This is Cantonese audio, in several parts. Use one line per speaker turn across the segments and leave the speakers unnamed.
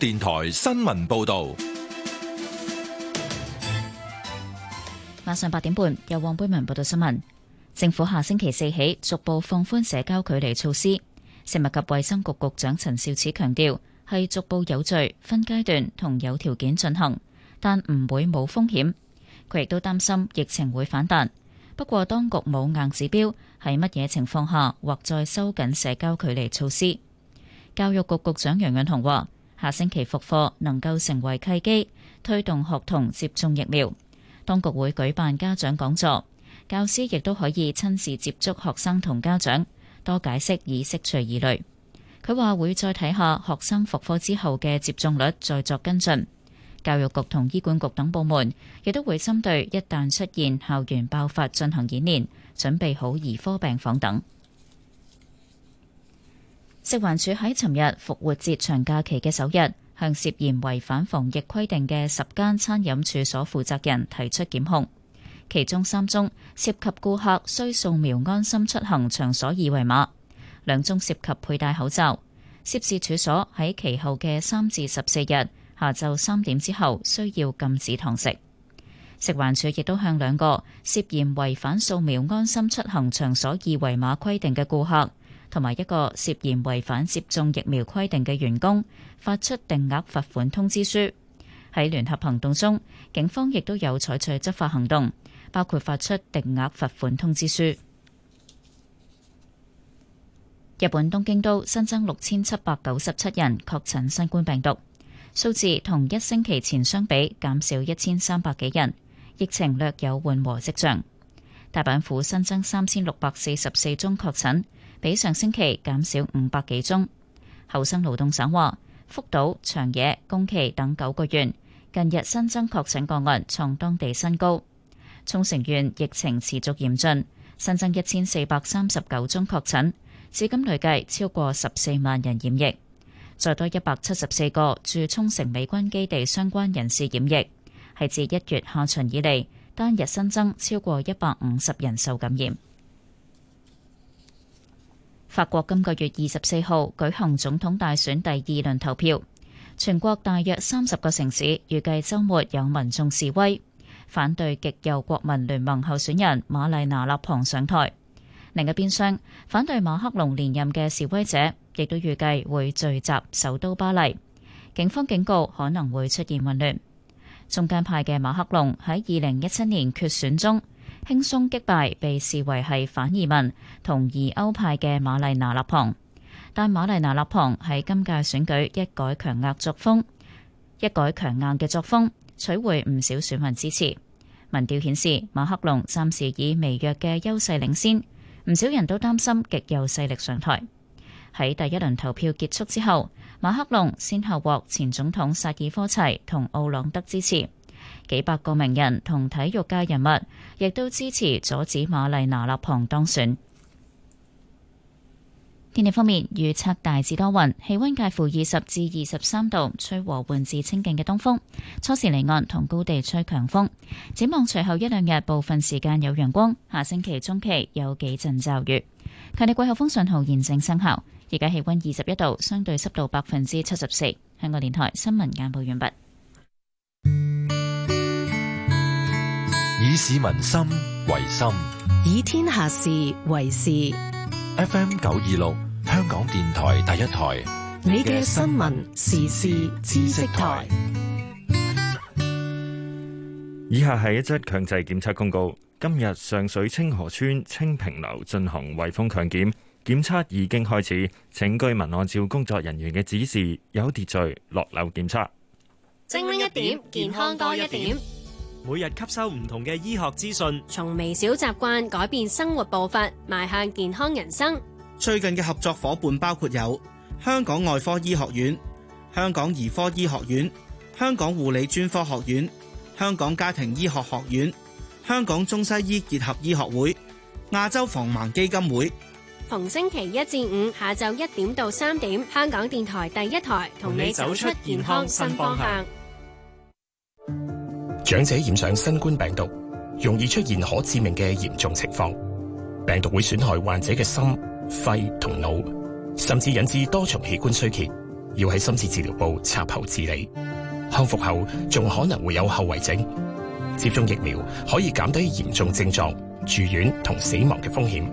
電台新聞報道，
晚上八點半由黃貝文報道新聞。政府下星期四起逐步放寬社交距離措施。食物及衛生局局長陳肇始強調，係逐步有序、分階段同有條件進行，但唔會冇風險。佢亦都擔心疫情會反彈。不過，當局冇硬指標，喺乜嘢情況下或再收緊社交距離措施，教育局局長楊潤雄話。下星期復課能夠成為契機，推動學童接種疫苗。當局會舉辦家長講座，教師亦都可以親自接觸學生同家長，多解釋以釋除疑慮。佢話會再睇下學生復課之後嘅接種率，再作跟進。教育局同醫管局等部門亦都會針對一旦出現校園爆發進行演練，準備好兒科病房等。食環署喺尋日復活節長假期嘅首日，向涉嫌違反防疫規定嘅十間餐飲處所負責人提出檢控，其中三宗涉及顧客需掃描安心出行場所二維碼，兩宗涉及佩戴口罩。涉事處所喺其後嘅三至十四日下晝三點之後需要禁止堂食。食環署亦都向兩個涉嫌違反掃描安心出行場所二維碼規定嘅顧客。同埋一個涉嫌違反接種疫苗規定嘅員工，發出定額罰款通知書。喺聯合行動中，警方亦都有採取執法行動，包括發出定額罰款通知書。日本東京都新增六千七百九十七人確診新冠病毒，數字同一星期前相比減少一千三百幾人，疫情略有緩和跡象。大阪府新增三千六百四十四宗確診。比上星期減少五百幾宗。厚生勞動省話，福島、長野、宮崎等九個縣近日新增確診個案創當地新高。沖繩縣疫情持續嚴峻，新增一千四百三十九宗確診，至今累計超過十四萬人染疫。再多一百七十四個駐沖繩美軍基地相關人士染疫，係自一月下旬以嚟單日新增超過一百五十人受感染。法國今個月二十四號舉行總統大選第二輪投票，全國大約三十個城市預計周末有民眾示威，反對極右國民聯盟候選人瑪麗娜·勒龐上台。另一邊廂，反對馬克龍連任嘅示威者亦都預計會聚集首都巴黎，警方警告可能會出現混亂。中間派嘅馬克龍喺二零一七年決選中，輕鬆擊敗被視為係反移民同疑歐派嘅瑪麗娜勒龐。但瑪麗娜勒龐喺今屆選舉一改強硬作風，一改強硬嘅作風，取回唔少選民支持。民調顯示馬克龍暫時以微弱嘅優勢領先，唔少人都擔心極右勢力上台。喺第一輪投票結束之後，馬克龍先後獲前總統薩爾科齊同奧朗德支持。幾百個名人同體育界人物亦都支持阻止馬麗娜勒龐當選。天氣方面預測大致多雲，氣温介乎二十至二十三度，吹和緩至清勁嘅東風。初時離岸同高地吹強風，展望隨後一兩日部分時間有陽光，下星期中期有幾陣驟雨。強烈季候風信號現正生效，而家氣温二十一度，相對濕度百分之七十四。香港電台新聞簡報完畢。
以市民心為心，
以天下事為事。
FM 九二六，香港電台第一台，
你嘅新聞、時事、知識台。
以下係一則強制檢測公告。今日上水清河村清平樓進行圍封強檢，檢測已經開始，請居民按照工作人員嘅指示有秩序落樓檢測，
精靈一點，健康多一點。
每日吸收唔同嘅醫學資訊，從
微小習慣改變生活步伐，邁向健康人生。
最近嘅合作伙伴包括有香港外科醫學院、香港兒科醫學院、香港護理專科學院、香港家庭醫學學院、香港中西醫結合醫學會、亞洲防盲基金會。
逢星期一至五下晝一點到三點，香港電台第一台同你走出健康新
方向。
長者染上新冠病毒，容易出現可致命嘅嚴重情況，病毒會損害患者嘅心、肺同腦，甚至引致多重器官衰竭，要喺深切治療部插喉治理。康復後仲可能會有後遺症。接種疫苗可以減低嚴重症狀、住院同死亡嘅風險。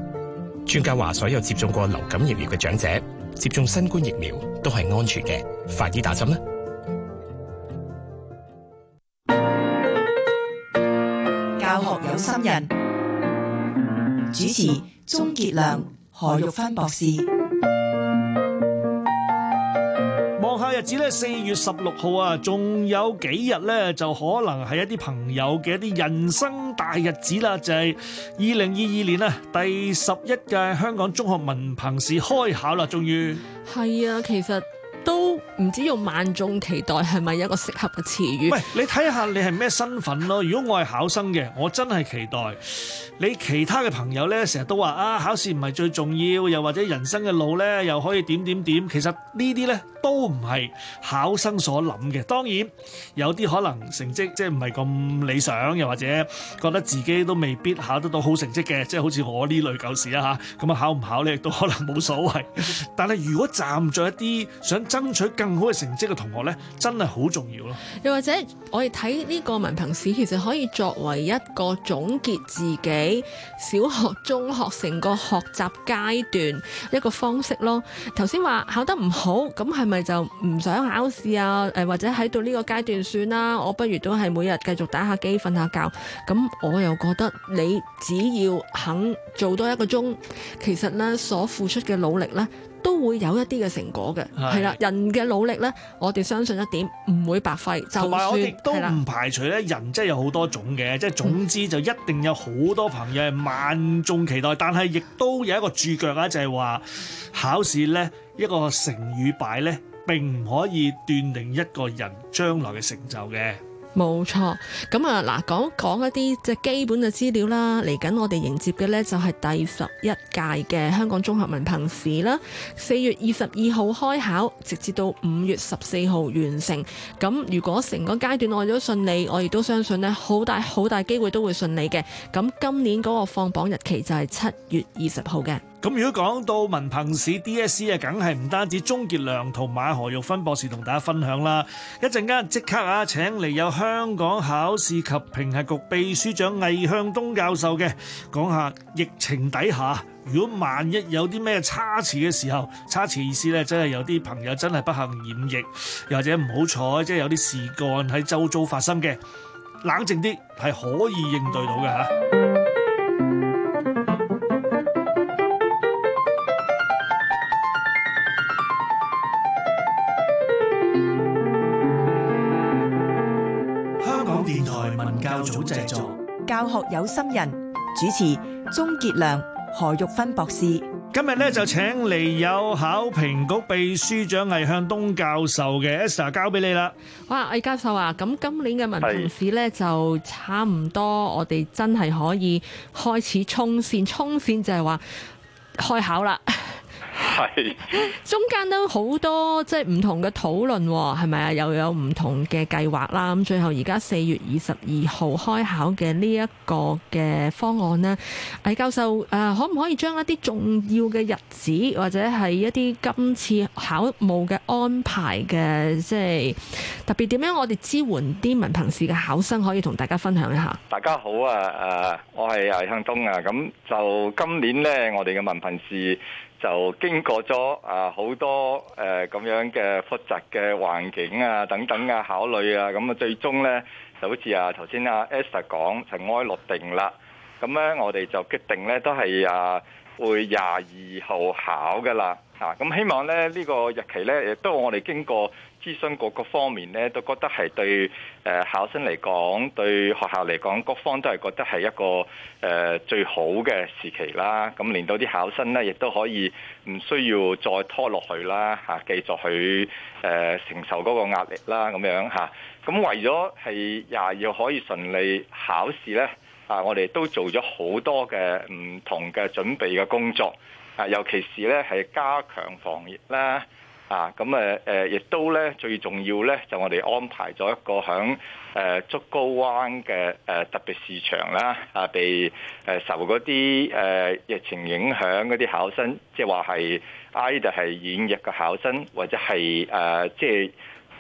專家話，所有接種過流感疫苗嘅長者接種新冠疫苗都係安全嘅，快啲打針啦！
心人
主持鍾杰良、何玉芬博士。望下日子咧，四月十六號啊，仲有幾日咧，就可能係一啲朋友嘅一啲人生大日子啦，就係二零二二年啊，第十一屆香港中學文憑試開考啦，終於。
係啊，其實。都唔知用萬眾期待係咪一個適
合嘅詞語，唔係你睇下你係咩身份咯？如果我係考生嘅，我真係期待你其他嘅朋友咧，成日都話啊考試唔係最重要，又或者人生嘅路咧又可以點點點，其實這些，呢啲咧都唔係考生所諗嘅。當然有啲可能成績即係唔係咁理想，又或者覺得自己都未必考得到好成績嘅，即係好似我呢類舊時啊吓，咁啊考唔考咧亦都可能冇所謂，但係如果站在一啲想爭取更好嘅成績嘅同學呢，真係好重要咯。
又或者我哋睇呢個文憑試，其實可以作為一個總結自己小學、中學成個學習階段一個方式咯。頭先話考得唔好，咁係咪就唔想考試啊？誒，或者喺到呢個階段算啦，我不如都係每日繼續打下機、瞓下覺。咁我又覺得你只要肯做多一個鐘，其實呢所付出嘅努力呢。都會有一啲嘅成果嘅，係啦，人嘅努力呢，我哋相信一點，唔會白費。
同埋我哋都唔排除咧，人真係有好多種嘅，即係總之就一定有好多朋友係萬眾期待，嗯、但係亦都有一個注腳啊，就係、是、話考試呢，一個成與敗呢，並唔可以斷定一個人將來嘅成就嘅。
冇錯，咁啊嗱，講講一啲即係基本嘅資料啦。嚟緊我哋迎接嘅呢，就係第十一屆嘅香港中學文憑試啦。四月二十二號開考，直至到五月十四號完成。咁如果成個階段我哋都順利，我亦都相信呢，好大好大機會都會順利嘅。咁今年嗰個放榜日期就係七月二十號嘅。
咁如果講到文憑試 DSE 啊，梗係唔單止鐘傑良同馬何玉芬博士同大家分享啦。一陣間即刻啊，請嚟有香港考試及評核局秘書長魏向東教授嘅講下疫情底下，如果萬一有啲咩差池嘅時候，差池意思咧，真係有啲朋友真係不幸染疫，又或者唔好彩，即係有啲事幹喺周遭發生嘅，冷靜啲係可以應對到嘅吓。製作教學有心人，主持鍾傑良、何玉芬博士。今日咧就請嚟有考評局秘書長魏向東教授嘅 Esther 交俾你啦。哇，魏教
授啊，咁今年嘅文憑試咧就差唔多，我哋真係可以開始衝線，衝線就係話開考啦。係， 中間都好多即係唔同嘅討論，係咪啊？又有唔同嘅計劃啦。咁最後而家四月二十二號開考嘅呢一個嘅方案呢，魏教授誒，可唔可以將一啲重要嘅日子或者係一啲今次考務嘅安排嘅，即係特別點樣，我哋支援啲文憑試嘅考生，可以同大家分享一下。
大家好啊，誒，我係魏向東啊。咁就今年呢，我哋嘅文憑試。就經過咗啊好多誒咁樣嘅複雜嘅環境啊等等啊考慮啊，咁啊最終呢就好似啊頭先啊 Esther 講，塵埃落定啦。咁呢，我哋就決定呢都係啊。會廿二號考噶啦，吓，咁希望咧呢、呢個日期咧亦都我哋經過諮詢各個方面咧，都覺得係對誒考生嚟講，對學校嚟講，各方都係覺得係一個誒、呃、最好嘅時期啦。咁令到啲考生咧亦都可以唔需要再拖落去啦，吓、啊、繼續去誒、呃、承受嗰個壓力啦，咁樣吓。咁、啊、為咗係廿二號可以順利考試咧。啊！我哋都做咗好多嘅唔同嘅準備嘅工作，啊，尤其是咧係加強防疫啦，啊，咁啊，誒，亦都咧最重要咧，就我哋安排咗一個響誒竹篙灣嘅誒特別試場啦，啊，被誒受嗰啲誒疫情影響嗰啲考生，即係話係一就係染疫嘅考生，或者係誒即係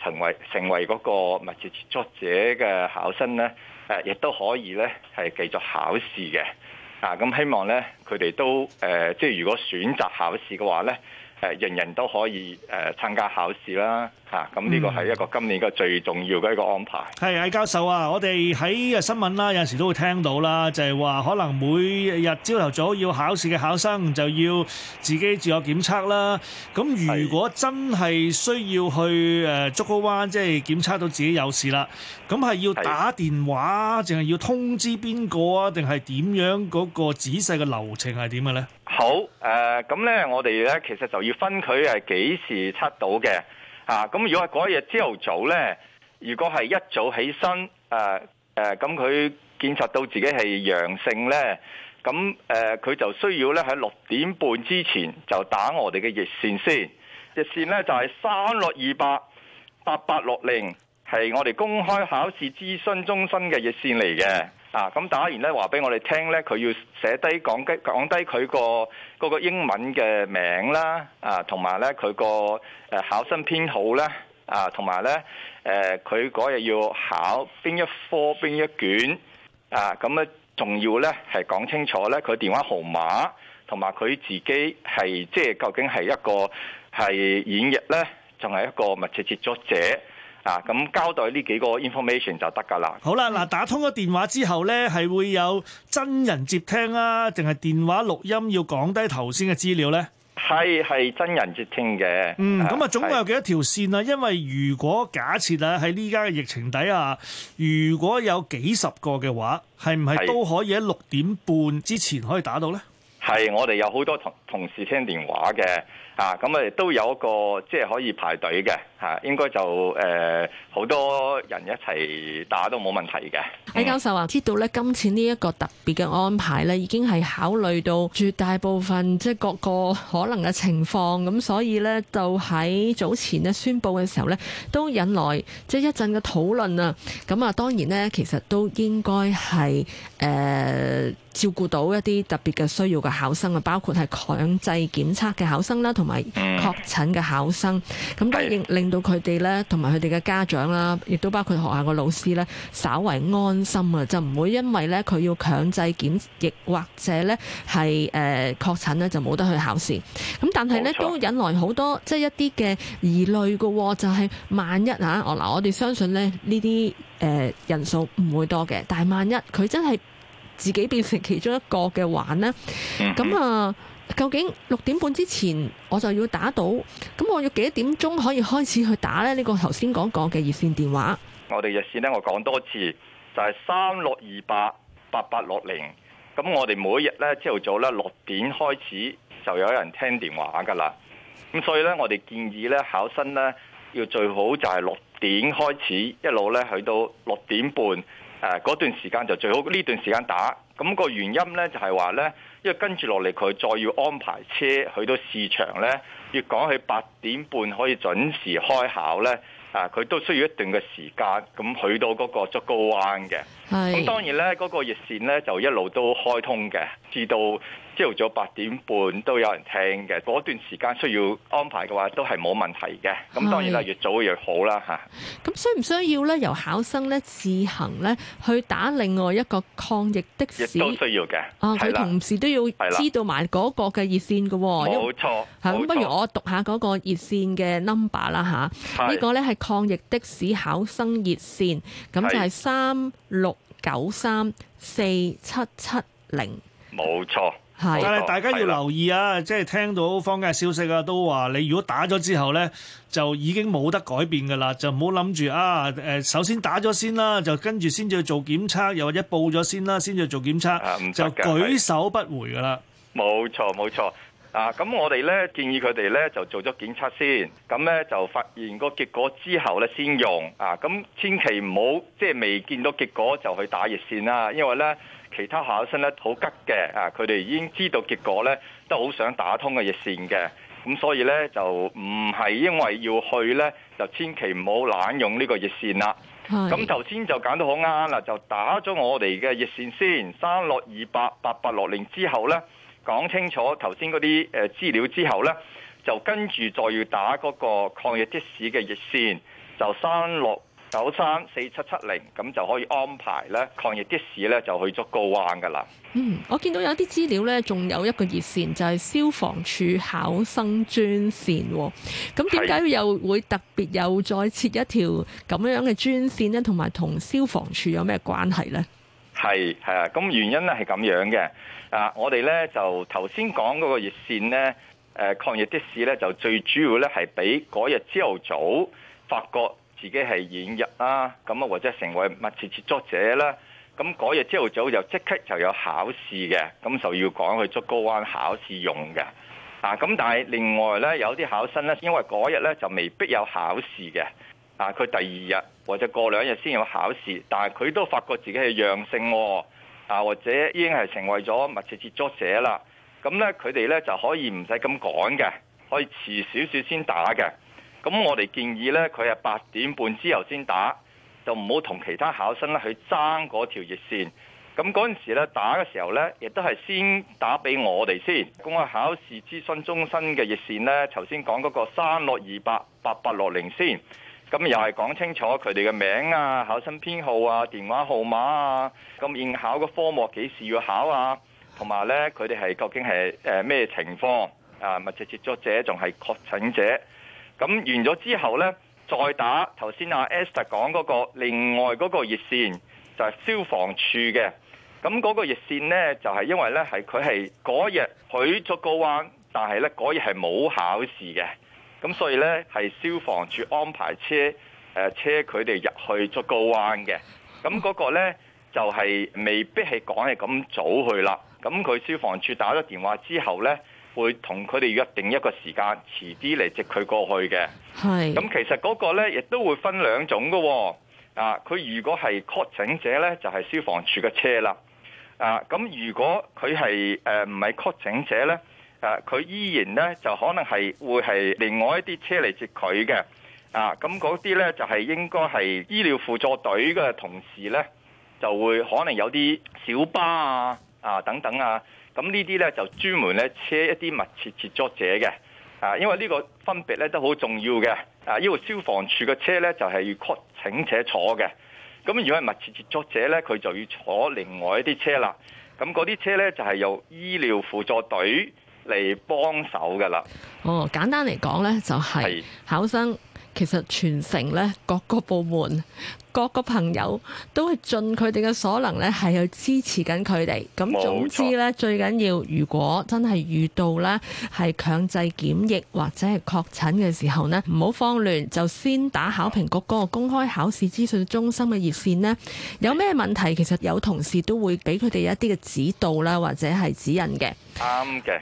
成為成為嗰個密切接，接觸者嘅考生咧。誒，亦都可以咧，係繼續考試嘅。啊，咁希望咧，佢哋都誒、呃，即係如果選擇考試嘅話咧。誒、呃、人人都可以誒、呃、參加考試啦，咁、啊、呢個係一個今年嘅最重要嘅一個安排。
係、嗯，魏教授啊，我哋喺新聞啦、啊，有時都會聽到啦，就係、是、話可能每日朝頭早要考試嘅考生就要自己自我檢測啦。咁如果真係需要去誒竹篙灣，即、呃、係、就是、檢測到自己有事啦，咁係要打電話，定係要通知邊個啊？定係點樣嗰個仔細嘅流程係點嘅咧？
好，誒、呃，咁咧，我哋咧，其實就要分佢係幾時測到嘅，啊，咁如果係嗰日朝頭早咧，如果係一早起身，誒、呃，誒、呃，咁佢檢測到自己係陽性咧，咁、嗯、誒，佢、呃、就需要咧喺六點半之前就打我哋嘅熱線先，熱線咧就係三六二八八八六零，係我哋公開考試諮詢中心嘅熱線嚟嘅。啊，咁打完咧，話俾我哋聽咧，佢要寫低講低講低佢個嗰個英文嘅名啦，啊，同埋咧佢個誒考生編號咧，啊，同埋咧誒佢嗰日要考邊一科、邊一卷，啊，咁咧仲要咧係講清楚咧佢電話號碼，同埋佢自己係即係究竟係一個係演繹咧，仲係一個密切接觸者。啊，咁交代呢幾個 information 就得㗎喇。
好啦，嗱，打通咗電話之後呢，係會有真人接聽啊，定係電話錄音要講低頭先嘅資料呢？
係係真人接聽嘅。嗯，咁啊，總共有
幾多條線啊？因為如果假設啊喺呢家嘅疫情底下，如果有幾十個嘅話，係唔係都可以喺六點半之前可以打到呢？
係，我哋有好多同同事聽電話嘅啊，咁誒都有一個即係可以排隊嘅吓、啊、應該就誒好、呃、多人一齊打都冇問題嘅。
李、嗯、教授話，知道咧，今次呢一個特別嘅安排咧，已經係考慮到絕大部分即係、就是、各個可能嘅情況，咁所以咧就喺早前咧宣布嘅時候咧，都引來即係、就是、一陣嘅討論啊。咁啊，當然咧，其實都應該係誒、呃、照顧到一啲特別嘅需要嘅考生啊，包括係。強制檢測嘅考生啦，同埋確診嘅考生，咁都令令到佢哋咧，同埋佢哋嘅家長啦，亦都包括學校個老師咧，稍為安心啊，就唔會因為咧佢要強制檢疫或者咧係誒確診咧就冇得去考試。咁但係咧都引來好多即係一啲嘅疑慮嘅，就係、是就是、萬一吓，我嗱我哋相信咧呢啲誒人數唔會多嘅，但係萬一佢真係自己變成其中一個嘅話呢。咁、嗯、啊。究竟六點半之前我就要打到，咁我要幾點鐘可以開始去打呢？呢個頭先講講嘅熱線電話，
我哋熱線呢，我講多次就係三六二八八八六零。咁我哋每一日呢，朝頭早呢，六點開始就有人聽電話噶啦。咁所以呢，我哋建議呢，考生呢，要最好就係六點開始，一路呢去到六點半誒嗰段時間就最好呢段時間打。咁個原因呢，就係話呢。跟住落嚟，佢再要安排車去到市場呢，要講佢八點半可以準時開考呢啊，佢都需要一定嘅時間，咁去到嗰個竹篙灣嘅。咁當然呢，嗰、嗰個熱線呢就一路都開通嘅，至到。朝早八點半都有人聽嘅，嗰段時間需要安排嘅話，都係冇問題嘅。咁當然啦，越早越好啦，嚇。
咁需唔需要咧？由考生咧自行咧去打另外一個抗疫的士，亦都需要嘅。啊，佢同時都要知道埋嗰個嘅熱線㗎喎。冇錯。
嚇，咁不如我
讀下嗰個熱線嘅 number 啦，嚇。呢個咧係抗疫的士考生熱線，咁就係三六九三四七七零。
冇錯。
但係大家要留意啊，是即係聽到坊間消息啊，都話你如果打咗之後咧，就已經冇得改變㗎啦，就唔好諗住啊誒，首先打咗先啦，就跟住先至做檢測，又或者報咗先啦，先至做檢測，啊，就舉
手不回㗎啦。冇錯冇錯啊！咁我哋咧建議佢哋咧就做咗檢測先，咁咧就發現個結果之後咧先用啊！咁千祈唔好即係未見到結果就去打熱線啦，因為咧。其他考生咧好急嘅，啊，佢哋已經知道結果咧，都好想打通個熱線嘅，咁所以咧就唔係因為要去咧，就千祈唔好濫用呢個熱線啦。咁頭先就揀到好啱啦，就打咗我哋嘅熱線先，三六二八八八六零之後咧，講清楚頭先嗰啲誒資料之後咧，就跟住再要打嗰個抗疫的士嘅熱線，就三六。九三四七七零咁就可以安排咧，抗疫的士咧就去捉高安噶啦。嗯，
我見到有啲資料咧，仲有一個熱線就係、是、消防處考生專線喎。咁點解又會特別又再設一條咁樣嘅專線呢？同埋同消防處有咩關係呢？
係係啊，咁原因咧係咁樣嘅。啊，我哋咧就頭先講嗰個熱線咧，誒抗疫的士咧就最主要咧係俾嗰日朝頭早上發覺。自己係演員啦，咁啊或者成為密切接觸者啦，咁嗰日朝頭早就即刻就有考試嘅，咁就要趕去竹篙灣考試用嘅。啊，咁但係另外呢，有啲考生呢，因為嗰日呢就未必有考試嘅，啊，佢第二日或者過兩日先有考試，但係佢都發覺自己係陽性喎，啊，或者已經係成為咗密切接觸者啦，咁呢，佢哋呢就可以唔使咁趕嘅，可以遲少少先打嘅。咁我哋建議呢，佢係八點半之後先打，就唔好同其他考生呢去爭嗰條熱線。咁嗰陣時呢打嘅時候呢，亦都係先打俾我哋先。公開考試諮詢中心嘅熱線呢，頭先講嗰個三六二八八八六零先。咁又係講清楚佢哋嘅名啊、考生編號啊、電話號碼啊、咁應考嘅科目幾時要考啊，同埋呢，佢哋係究竟係誒咩情況啊？密切接觸者仲係確診者？咁完咗之後呢，再打頭先阿 Esther 講嗰，那個另外嗰個熱線就係、是、消防處嘅。咁嗰個熱線呢，就係、是、因為呢，係佢係嗰日去咗竹篙灣，但係呢，嗰日係冇考試嘅。咁所以呢，係消防處安排車誒、呃、車佢哋入去，去竹篙灣嘅。咁嗰個呢，就係、是、未必係講係咁早去啦。咁佢消防處打咗電話之後呢，會同佢哋約定一個時間，遲啲嚟接佢過去嘅。
係咁，其
實嗰個呢亦都會分兩種嘅、哦。啊，佢如果係確診者呢，就係、係、消防處嘅車啦。啊，咁如果佢係誒唔係確診者呢，誒、啊、佢依然呢，就可能係會係另外一啲車嚟接佢嘅。啊，咁嗰啲呢，就係、係、應該係醫療輔助隊嘅同事呢，就會可能有啲小巴啊、啊等等啊。咁呢啲呢，就專門呢車一啲密切接觸者嘅，啊，因為呢個分別呢都好重要嘅，啊，因為消防處嘅車呢，就係要確診者坐嘅，咁如果係密切接觸者呢，佢就要坐另外一啲車啦，咁嗰啲車呢，就係由醫療輔助隊嚟幫手㗎啦。
哦，簡單嚟講呢，就係考生。其實全城咧，各個部門、各個朋友都係盡佢哋嘅所能咧，係去支持緊佢哋。咁總之咧，最緊要如果真係遇到咧係強制檢疫或者係確診嘅時候呢，唔好慌亂，就先打考評局嗰個公開考試資訊中心嘅熱線呢，有咩問題，其實有同事都會俾佢哋一啲嘅指導啦，或者係指引嘅。
啱嘅。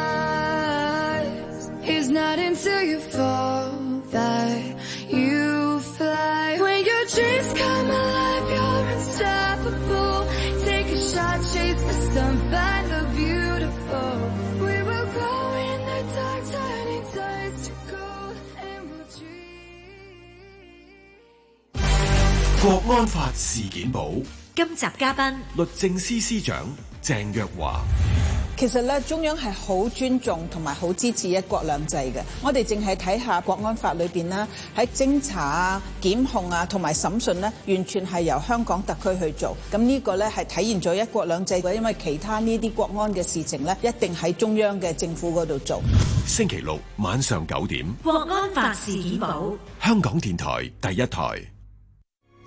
國安法事件簿，
今集嘉賓律政司司長鄭若驊。其實咧，中央係好尊重同埋好支持一國兩制嘅。我哋淨係睇下國安法裏邊啦，喺偵查啊、檢控啊同埋審訊咧完全係由香港特區去做。咁呢個咧係體現咗一國兩制。因為其他呢啲國安嘅事情咧一定喺中央嘅政府嗰度做。
星期六晚上九點，
國安法事件簿，
香港電台第一台。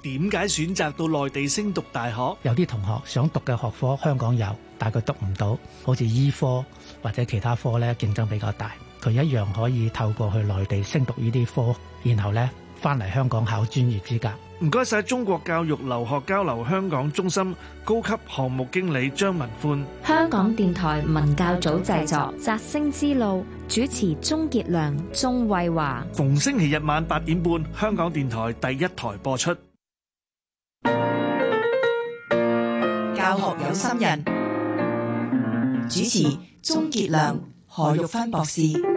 點解選擇到內地升讀大
學？有啲同學想讀嘅學科香港有，但佢讀唔到，好似醫科或者其他科咧競爭比較大。佢一樣可以透過去內地升讀呢啲科，然後
咧翻
嚟香港考專業資格。
唔該晒中國教育留學交流香港中心高級項目經理張文歡。
香港電台文教組製作《摘星之路》，主持鍾傑良、鍾衛華。
逢星期日晚八點半，香港電台第一台播出。
教學有心人，主持鍾傑
良、何玉芬博士。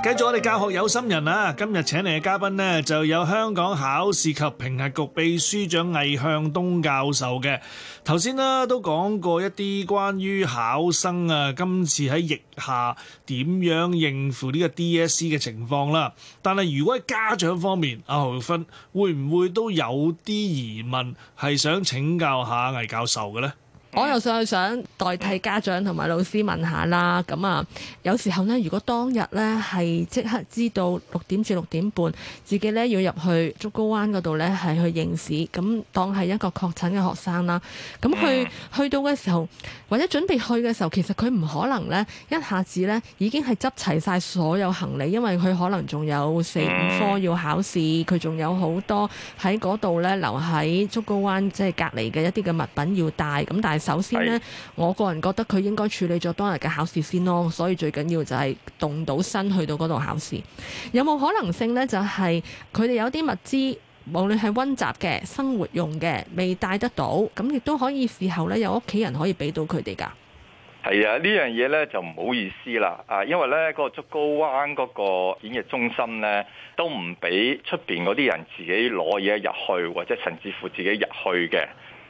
繼續我哋教學有心人啊！今日請嚟嘅嘉賓呢，就有香港考試及評核局秘書長魏向東教授嘅。頭先啦，都講過一啲關於考生啊，今次喺疫下點樣應付呢個 DSC 嘅情況啦。但係如果喺家長方面，阿何玉芬會唔會都有啲疑問，係想請教下魏教授嘅呢？
我又想去想代替家長同埋老師問下啦，咁啊有時候咧，如果當日咧係即刻知道六點至六點半，自己咧要入去竹篙灣嗰度咧係去應試，咁當係一個確診嘅學生啦，咁去去到嘅時候，或者準備去嘅時候，其實佢唔可能咧一下子咧已經係執齊晒所有行李，因為佢可能仲有四五科要考試，佢仲有好多喺嗰度咧留喺竹篙灣即係隔離嘅一啲嘅物品要帶，咁但係首先呢，我個人覺得佢應該處理咗當日嘅考試先咯，所以最緊要就係動到身去到嗰度考試。有冇可能性呢？就係佢哋有啲物資，無論係温習嘅、生活用嘅，未帶得到，咁亦都可以事後呢，有屋企人可以俾到佢哋㗎。
係啊，呢樣嘢呢就唔好意思啦，啊，因為呢個竹篙灣嗰個演藝中心呢，都唔俾出邊嗰啲人自己攞嘢入去，或者甚至乎自己入去嘅。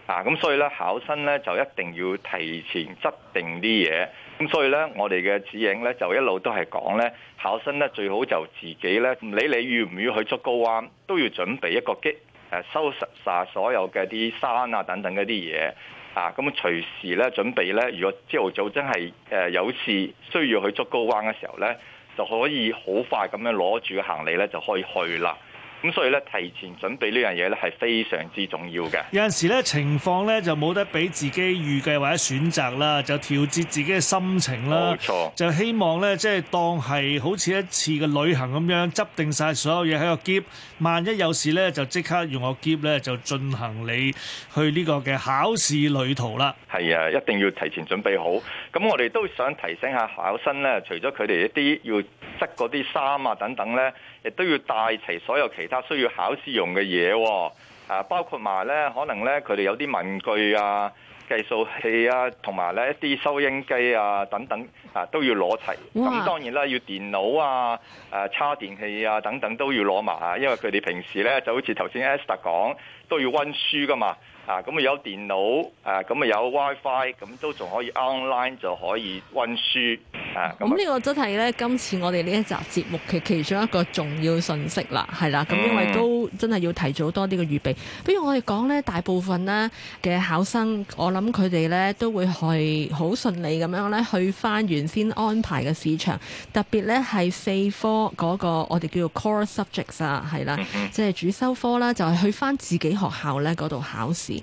啊，咁所以咧考生咧就一定要提前執定啲嘢，咁所以咧我哋嘅指引咧就一路都係講咧考生咧最好就自己咧，唔理你要唔要去竹篙灣，都要準備一個喼，誒收拾晒所有嘅啲衫啊等等嗰啲嘢，啊，咁隨時咧準備咧，如果朝頭早真係誒有事需要去竹篙灣嘅時候咧，就可以好快咁樣攞住行李咧就可以去啦。咁所以咧，提前準備呢樣嘢咧，係非常之重要嘅。有
陣時咧，情況咧就冇得俾自己預計或者選擇啦，就調節自己嘅心情啦。冇錯，就希望咧，即係當係好似一次嘅旅行咁樣，執定晒所有嘢喺個喼。萬一有事咧，就即刻用我篋咧，就進行你去呢個嘅考試旅途啦。
係啊，一定要提前準備好。咁我哋都想提醒下考生咧，除咗佢哋一啲要執嗰啲衫啊等等咧，亦都要帶齊所有其他需要考試用嘅嘢喎。啊，包括埋咧，可能咧佢哋有啲文具啊。計數器啊，同埋咧一啲收音機啊等等啊都要攞齊。咁當然啦，要電腦啊、誒、啊、叉電器啊等等都要攞埋，啊，因為佢哋平時咧就好似頭先 Esther 講，都要溫書噶嘛。啊，咁、嗯、啊有電腦，啊咁啊、嗯、有 WiFi，咁、嗯、都仲可以 online 就可以温書，啊咁、嗯嗯這個、呢個
真係咧今次我哋呢一集節目嘅其中一個重要信息啦，係啦，咁、嗯嗯、因為都真係要提早多啲嘅預備。不如我哋講呢，大部分呢嘅考生，我諗佢哋呢都會係好順利咁樣呢去返原先安排嘅試場，特別呢係四科嗰、那個我哋叫做 core subjects 啊，係、嗯、啦，即、嗯、係、就是、主修科啦，就係去返自己學校呢嗰度考試。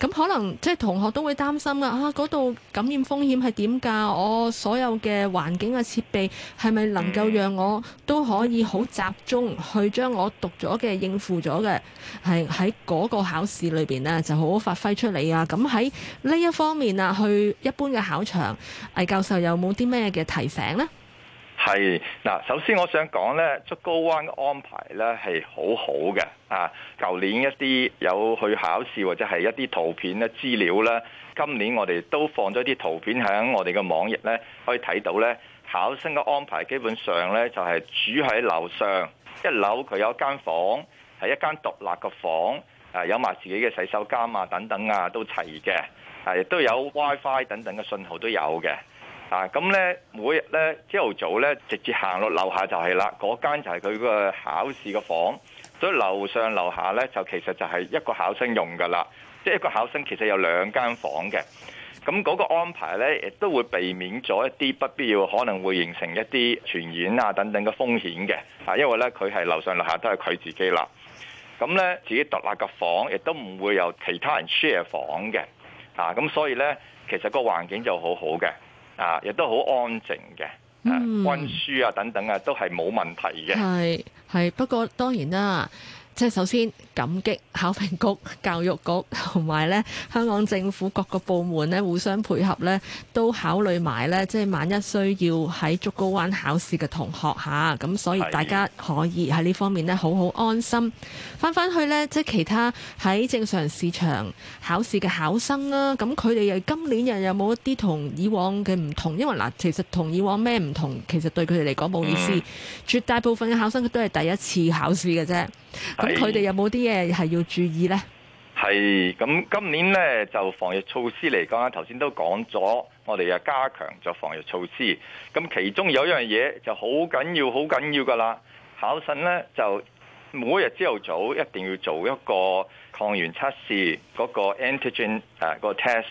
咁可能即係同學都會擔心啊，嗰度感染風險係點噶？我所有嘅環境嘅設備係咪能夠讓我都可以好集中去將我讀咗嘅應付咗嘅，係喺嗰個考試裏邊呢就好好發揮出嚟啊。咁喺呢一方面啊，去一般嘅考場，魏教授有冇啲咩嘅提醒呢？
係嗱，首先我想講咧，竹篙灣嘅安排咧係好好嘅啊！舊年一啲有去考試或者係一啲圖片咧、資料咧，今年我哋都放咗啲圖片喺我哋嘅網頁咧，可以睇到咧，考生嘅安排基本上咧就係住喺樓上一樓，佢有間房係一間獨立嘅房，誒有埋自己嘅洗手間啊等等啊都齊嘅，亦都有 WiFi 等等嘅信號都有嘅。啊，咁咧每日咧朝頭早咧直接行落樓下就係啦，嗰間就係佢個考試嘅房，所以樓上樓下咧就其實就係一個考生用噶啦，即係一個考生其實有兩間房嘅，咁嗰個安排咧亦都會避免咗一啲不必要可能會形成一啲傳染啊等等嘅風險嘅，啊，因為咧佢係樓上樓下都係佢自己啦，咁咧自己獨立嘅房亦都唔會有其他人 share 房嘅，啊，咁所以咧其實個環境就好好嘅。啊，亦都好安靜嘅，
溫
書啊等等啊，都係冇問題嘅。係
係，不過當然啦。即係首先感激考評局、教育局同埋咧香港政府各個部門咧互相配合咧，都考慮埋咧，即係萬一需要喺竹篙灣考試嘅同學吓，咁所以大家可以喺呢方面咧好好安心。翻翻去咧，即係其他喺正常市場考試嘅考生啦，咁佢哋又今年又有冇一啲同以往嘅唔同？因為嗱，其實同以往咩唔同，其實對佢哋嚟講冇意思，嗯。絕大部分嘅考生佢都係第一次考試嘅啫。咁佢哋有冇啲嘢係要注意咧？
係咁，今年呢就防疫措施嚟講，頭先都講咗，我哋又加強咗防疫措施。咁其中有一樣嘢就好緊要、好緊要噶啦。考生呢，就每日朝頭早一定要做一個抗原測試，嗰、嗰個 antigen 誒、呃嗰個 test。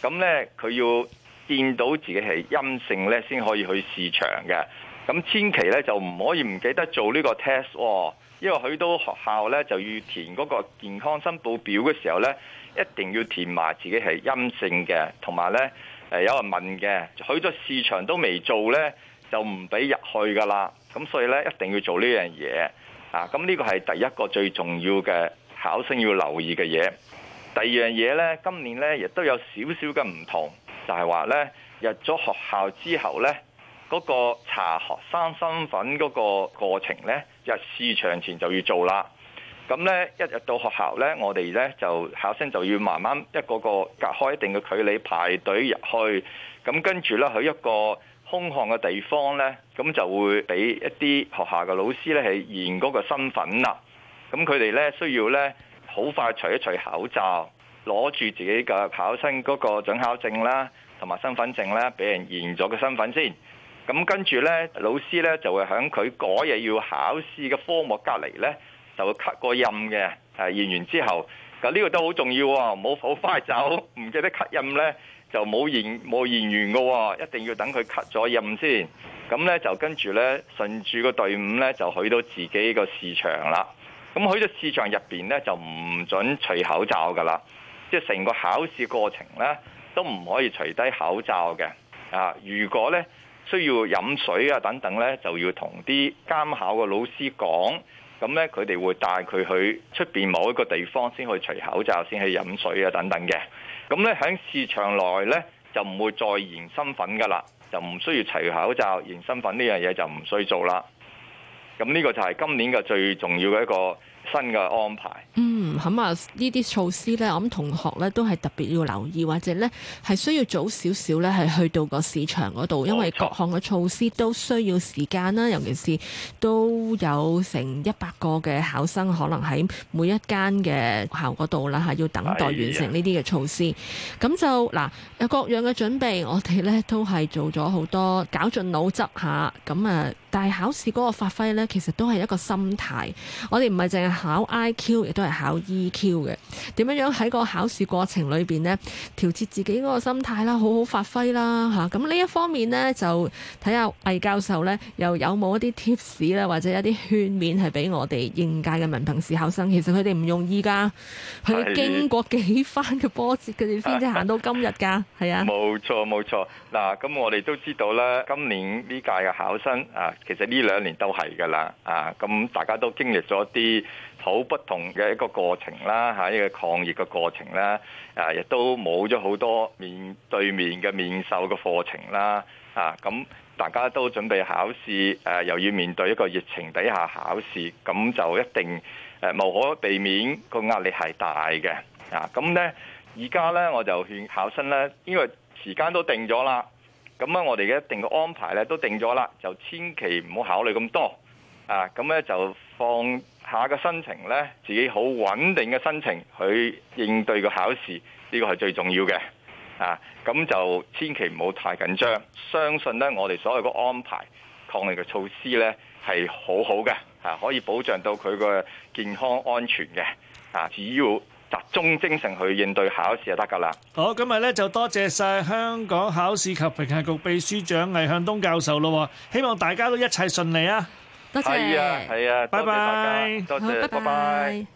咁呢，佢要見到自己係陰性呢，先可以去市場嘅。咁千祈呢，就唔可以唔記得做呢個 test、哦。因為去到學校咧就要填嗰個健康申報表嘅時候咧，一定要填埋自己係陰性嘅，同埋咧誒有，呢有人問嘅，去咗市場都未做咧就唔俾入去噶啦。咁所以咧一定要做呢樣嘢啊！咁呢個係第一個最重要嘅考生要留意嘅嘢。第二樣嘢咧，今年咧亦都有少少嘅唔同，就係話咧入咗學校之後咧。嗰、嗰個查學生身份嗰個過程呢，入試場前就要做啦。咁呢，一入到學校呢，我哋呢就考生就要慢慢一個個隔開一定嘅距離排隊入去。咁跟住呢，去一個空曠嘅地方呢，咁就會俾一啲學校嘅老師呢係驗嗰個身份啦。咁佢哋呢需要呢，好快除一除口罩，攞住自己嘅考生嗰個準考證啦，同埋身份證啦，俾人驗咗個身份先。咁跟住呢，老師呢就會喺佢嗰日要考試嘅科目隔離呢，就會 cut 個印嘅，誒驗完之後，咁呢、這個都好重要喎、哦，唔好好快走，唔 記得 cut 印呢，就冇驗冇驗完噶喎、哦，一定要等佢 cut 咗印先。咁、嗯、呢就跟住呢，順住個隊伍呢，就去到自己個試場啦。咁去到試場入面呢，就唔准除口罩噶啦，即係成個考試過程呢，都唔可以除低口罩嘅。啊，如果呢，需要飲水啊等等呢，就要同啲監考嘅老師講，咁呢，佢哋會帶佢去出面某一個地方先去除口罩，先去飲水啊等等嘅。咁呢，喺試場內呢，就唔會再驗身份㗎喇，就唔需要除口罩驗身份呢樣嘢就唔需要做啦。咁呢個就係今年嘅最重要嘅一個，新嘅安排。
嗯，咁啊，呢啲措施咧，我諗同學咧都係特別要留意，或者咧係需要早少少咧係去到個試場嗰度，因為各項嘅措施都需要時間啦，尤其是都有成一百個嘅考生可能喺每一間嘅學校嗰度啦，吓要等待完成呢啲嘅措施。咁就嗱，有各樣嘅準備，我哋咧都係做咗好多，搞盡腦汁嚇。咁啊～但係考試嗰個發揮咧，其實都係一個心態。我哋唔係淨係考 IQ，亦都係考 EQ 嘅。點樣樣喺個考試過程裏邊呢，調節自己嗰個心態啦，好好發揮啦嚇。咁、啊、呢一方面呢，就睇下魏教授呢，又有冇一啲 tips 咧，或者一啲勸勉係俾我哋應屆嘅文憑試考生？其實佢哋唔容易㗎，佢經過幾番嘅波折，佢哋先至行到今日㗎。係啊，
冇錯冇錯。嗱，咁我哋都知道啦，今年呢屆嘅考生啊。其實呢兩年都係噶啦，啊咁大家都經歷咗啲好不同嘅一個過程啦，喺、啊、一個抗疫嘅過程啦，啊亦都冇咗好多面對面嘅面授嘅課程啦，啊咁、啊、大家都準備考試，誒、啊、又要面對一個疫情底下考試，咁就一定誒、啊、無可避免個壓力係大嘅，啊咁呢而家呢，我就勸考生呢，因為時間都定咗啦。咁啊，我哋嘅一定嘅安排咧都定咗啦，就千祈唔好考慮咁多啊！咁咧就放下個心情咧，自己好穩定嘅心情去應對個考試，呢個係最重要嘅啊！咁就千祈唔好太緊張，相信咧我哋所有嘅安排、抗疫嘅措施咧係好好嘅啊，可以保障到佢個健康安全嘅啊，只要，集中精神去應對考試就得噶啦。
好，今日咧就多謝曬香港考試及評核局秘書長魏向東教授咯。希望大家都一切順利啊！多謝，係啊，
拜拜，多謝，拜拜。